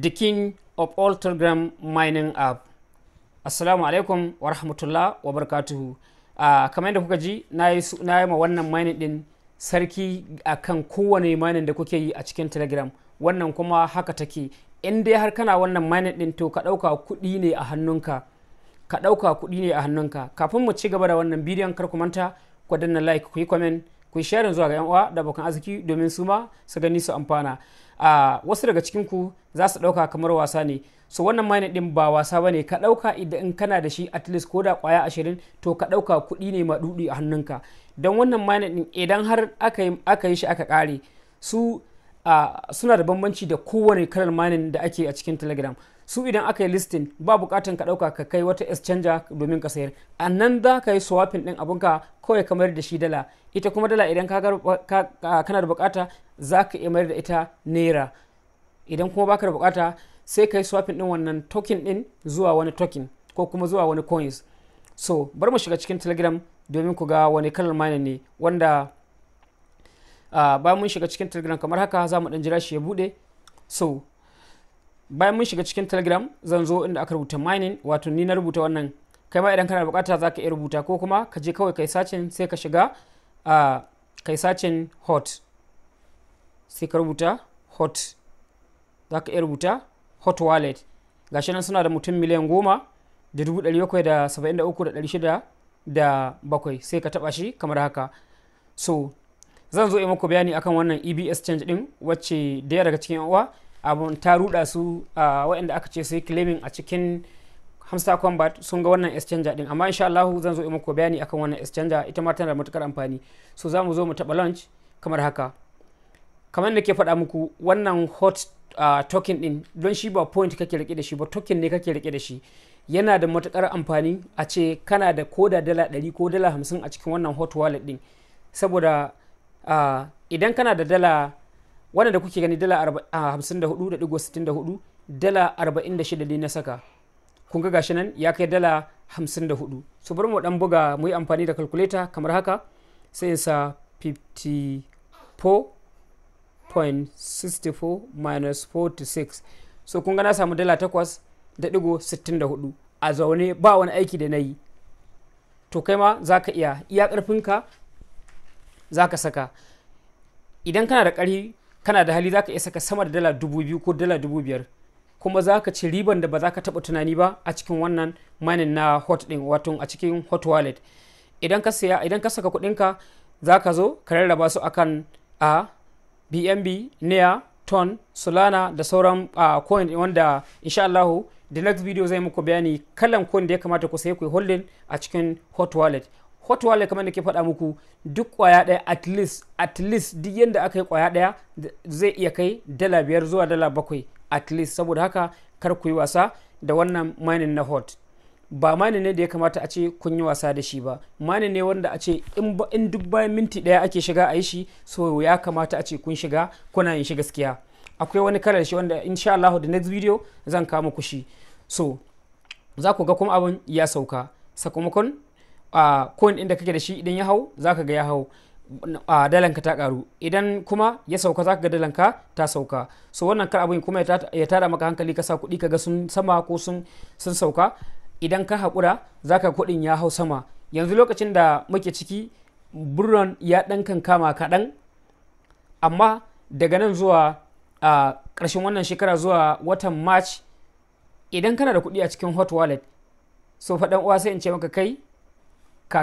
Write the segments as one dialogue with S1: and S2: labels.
S1: the king of all telegram mining app assalamu alaikum wa rahmatullah wa barakatuhu uh, kamar yadda kuka ji na yi ma wannan mining din sarki akan kowane mining da kuke yi a cikin telegram wannan kuma haka take in dai har kana wannan mining din to ka ɗauka kuɗi ne a hannunka ka ɗauka kuɗi ne a hannunka kafin mu ci gaba da wannan bidiyon kar ku manta ku danna like ku yi comment ku yi zuwa ga yan uwa da abokan arziki domin su ma su gani su amfana a wasu daga cikin ku za su ɗauka kamar wasa ne so wannan mine din ba wasa bane ka ɗauka idan in kana da shi at least ko da kwaya ashirin to ka ɗauka kuɗi ne ma maɗuɗi a hannunka don wannan mine din idan har aka yi shi aka kare su suna da bambanci da kowane kalar mine da ake a cikin telegram su idan aka yi listing ba bukatan ka dauka ka kai wata exchange domin ka sayar a nan za ka yi swapping din abunka kawai kamar da shi dala ita kuma dala idan ka kana da bukata za ka iya mayar da ita naira idan kuma baka da bukata sai ka yi swapping din wannan token din zuwa wani token ko kuma zuwa wani coins so bar mu shiga cikin telegram domin ku ga wani kalar mining ne wanda uh, bayan mun shiga cikin telegram kamar haka za mu dan jira shi ya bude so bayan mun shiga cikin telegram zan zo inda aka rubuta mining wato ni na rubuta wannan kai ma idan kana bukata za ka iya rubuta ko kuma ka je kawai kai sacin sai ka shiga a kai sacin hot sai ka rubuta hot za ka iya rubuta hot wallet gashi nan suna da mutum miliyan goma da dubu ɗari bakwai da saba'in da uku da ɗari shida da bakwai sai ka taɓa shi kamar haka so zan zo yi muku bayani akan wannan ebs change din wacce daya daga cikin uwa abun ta ruda su waɗanda aka ce suyi claiming a cikin hamster combat sun ga wannan exchanger din amma insha Allah zan zo yi muku bayani akan wannan exchanger ita ma tana da matukar amfani so za mu zo mu taɓa launch kamar haka kamar da ke faɗa muku wannan hot token din don shi ba point kake rike da shi ba token ne kake rike da shi yana da matukar amfani a ce kana da koda dala 100 ko dala 50 a cikin wannan hot wallet din saboda idan kana da dala wannan da kuke gani dala 54.64 dala 46 ne na saka kun ga gashi nan ya kai dala 54 so bari mu dan buga mu yi amfani da calculator kamar haka sai in sa 54.64 minus 46 so kun ga na samu dala 8.64 a zaune ba wani aiki da na yi to kai ma za ka iya iya ƙarfinka za ka saka idan kana da ƙarfi kana da hali zaka iya saka sama da dala dubu biyu ko dala dubu biyar kuma za ka ci riban da ba za ka taɓa tunani ba a cikin wannan manin na hot ɗin wato a cikin hot wallet idan ka saya idan ka saka kuɗinka za ka zo ka rarraba su akan a bnb nea ton solana da sauran a coin wanda insha allahu the next video zai muku bayani kalan coin da ya kamata ku sayi ku holding a cikin hot wallet hot wale kamar da ke faɗa muku duk kwaya ɗaya at least at least duk yadda aka yi kwaya ɗaya zai iya kai dala biyar zuwa dala bakwai at least saboda haka kar ku yi wasa da wannan mining na hot ba mining ne da ya kamata a ce kun yi wasa da shi ba mining ne wanda a ce in duk bayan minti ɗaya ake shiga a yi shi so ya kamata a ce kun shiga kuna yin shi gaskiya akwai wani kalar shi wanda insha Allah da next video zan kama ku shi so za ku ga kuma abin ya sauka sakamakon coin ɗin da kake da shi idan ya hau za ka ga ya hau a dalanka ta karu idan kuma ya sauka za ka ga dalanka ta sauka so wannan kar abin kuma ya tara maka hankali ka sa kuɗi kaga sun sama ko sun sauka idan ka hakura za ka kuɗin ya hau sama yanzu lokacin da muke ciki buron ya ɗan kankama kaɗan amma daga nan zuwa a ƙarshen wannan shekara zuwa watan march idan kana da kuɗi a cikin hot wallet so faɗan uwa sai in ce maka kai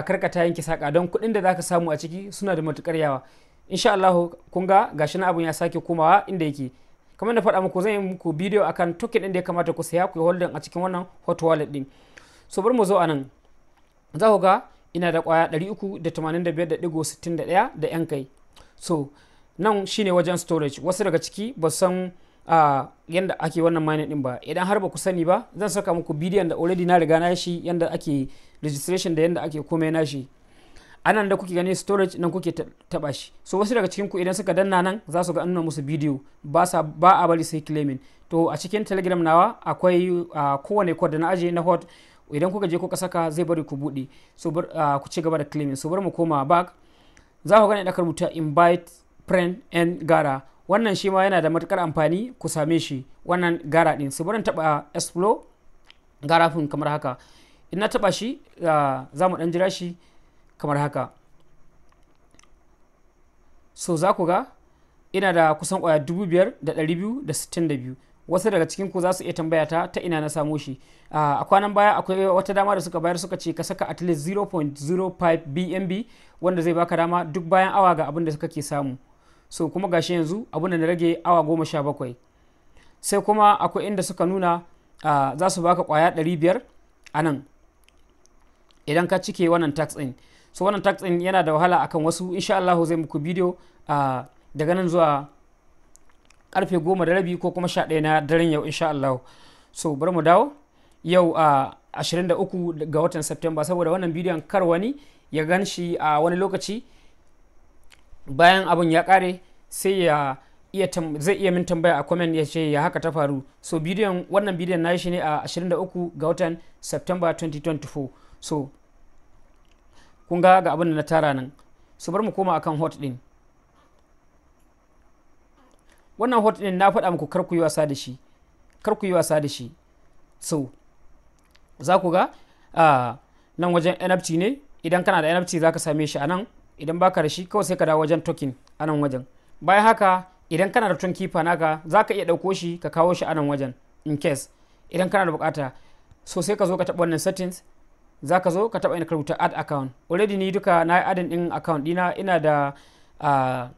S1: ka ta yanke saka don kuɗin da za ka samu a ciki suna da matukar yawa insha Allah kun ga gashi na abun ya sake komawa inda yake kamar da faɗa muku zan yi muku bidiyo akan token ɗin da ya kamata ku saya ku yi holding a cikin wannan hot wallet ɗin so bari mu zo a nan za ku ga ina da ƙwaya 385.61 da yan kai so nan shine wajen storage wasu daga ciki ba san a yanda ake wannan mining din ba idan har ba ku sani ba zan saka muku bidiyon da already na riga na shi yanda ake registration da yanda ake komai na shi anan da kuke gani storage nan kuke taba shi so wasu daga cikin ku idan suka danna nan za su ga an nuna musu bidiyo ba sa ba a bari sai claiming to a cikin telegram nawa akwai kowane code da na aje na hot idan kuka je kuka saka zai bari ku bude so ku ci gaba da claiming so bar mu koma back za ku gani da karbuta invite friend and gara wannan shi ma yana da matukar amfani ku same shi wannan gara din su barin taba explore garafin kamar haka in na taba shi ah, za mu dan jira shi kamar haka so za ku ga ina da kusan kwaya 5,262 wasu daga cikin ku za su iya tambaya ta ta ina na samo shi ah, a kwanan baya akwai wata dama da suka bayar suka ce ka saka at least 0.05 bnb wanda zai baka dama duk bayan awa ga abin da suka ke samu so kuma gashi yanzu abu da na rage awa goma sha bakwai sai kuma akwai inda suka nuna uh, za su baka kwaya ɗari biyar a nan idan ka cike wannan tax in so wannan tax in yana da wahala akan wasu insha Allah zai muku bidiyo uh, daga nan zuwa karfe goma da rabi ko kuma sha ɗaya na daren yau insha Allah so bari mu dawo yau a uh, 23 ga watan Septemba saboda wannan bidiyon kar wani ya gan shi a wani lokaci bayan abin ya kare sai ya zai iya min tambaya a comment ya ce ya haka ta faru so bidiyon wannan bidiyon na shi ne a 23 ga watan September 2024 so kun ga ga abin da na tara nan so bar mu koma akan hot din wannan hot din na faɗa muku kar ku yi wasa da shi kar ku yi wasa da shi so za ku ga ah, nan wajen NFT ne idan kana da NFT za ka same shi a nan idan baka da shi kawai sai ka dawo wajen token anan wajen bayan haka idan kana da tun kifa naka za ka iya ɗauko shi ka kawo shi anan wajen in case idan kana da bukata so sai ka zo ka taɓa wannan settings za ka zo ka taɓa ina ka rubuta add account already ni duka na yi adin ɗin account ɗina ina da ah,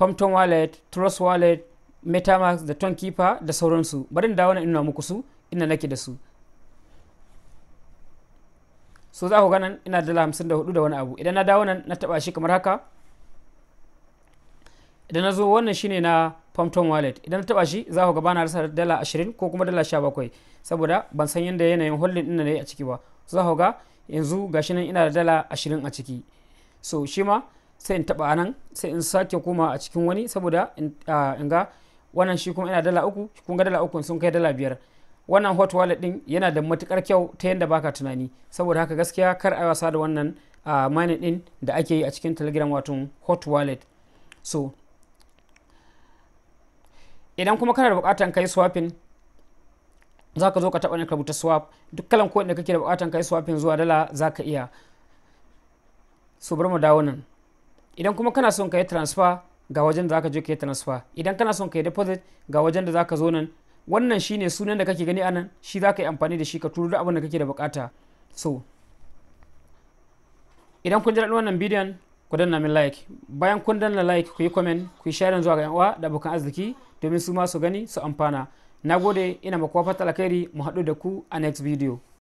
S1: Pumpton wallet trust wallet metamask da tun kifa da sauransu bari in dawo na ina muku su ina nake da su so za ku ga nan ina dala hamsin da hudu da wani abu idan na dawo nan na taba shi kamar haka idan na zo wannan shine na Pumpton wallet idan na taba shi za ku ga bana rasa dala ashirin ko kuma dala sha bakwai saboda ban san yadda yanayin holding din ne a ciki ba so za ku ga yanzu gashi nan ina da dala ashirin a ciki so shi ma sai in taba nan sai in sake koma a cikin wani saboda in ah, ga wannan shi kuma ina dala uku kun ga dala uku sun kai dala biyar wannan hot wallet din yana da matukar kyau ta yadda baka tunani saboda haka gaskiya kar a wasa da wannan mining din da ake yi a cikin telegram wato hot wallet so idan kuma kana da bukatan kai swapping za ka zo ka taɓa ne ka rubuta swap duk kalan ko da kake da bukatan kai swapping zuwa dala za ka iya so bari mu dawo nan idan kuma kana son ka yi transfer ga wajen da za ka je ka yi transfer idan kana son ka yi deposit ga wajen da za ka zo nan wannan shine sunan da kake gani a nan shi za ka yi amfani da shi ka turo duk abin da kake da bukata so idan kun ji daɗin wannan bidiyon ku danna min like bayan kun danna like ku yi comment ku yi share zuwa ga yan da abokan arziki domin su ma su gani su amfana na gode ina makuwa fata alkhairi mu haɗu da ku a next video